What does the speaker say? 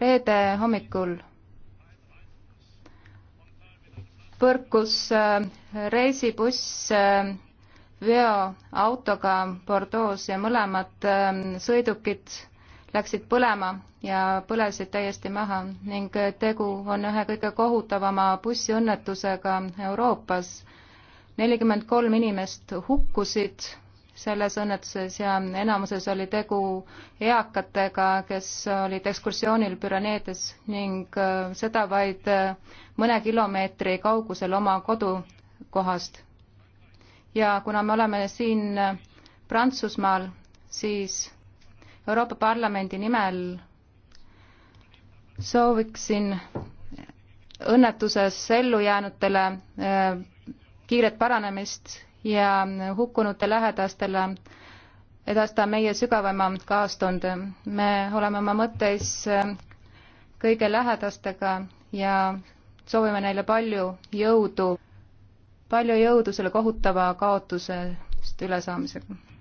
reede hommikul põrkus äh, reisibuss äh, veoautoga Bordeaux ja mõlemad äh, sõidukid läksid põlema ja põlesid täiesti maha ning tegu on ühe kõige kohutavama bussiõnnetusega Euroopas. nelikümmend kolm inimest hukkusid selles õnnetuses ja enamuses oli tegu eakatega, kes olid ekskursioonil Püraneedes ning äh, seda vaid äh, mõne kilomeetri kaugusel oma kodukohast. ja kuna me oleme siin äh, Prantsusmaal, siis Euroopa Parlamendi nimel sooviksin õnnetuses ellu jäänutele kiiret paranemist ja hukkunute lähedastele edastan meie sügavama kaastunde. me oleme oma mõttes äh, kõige lähedastega ja soovime neile palju jõudu, palju jõudu selle kohutava kaotusest ülesaamisega.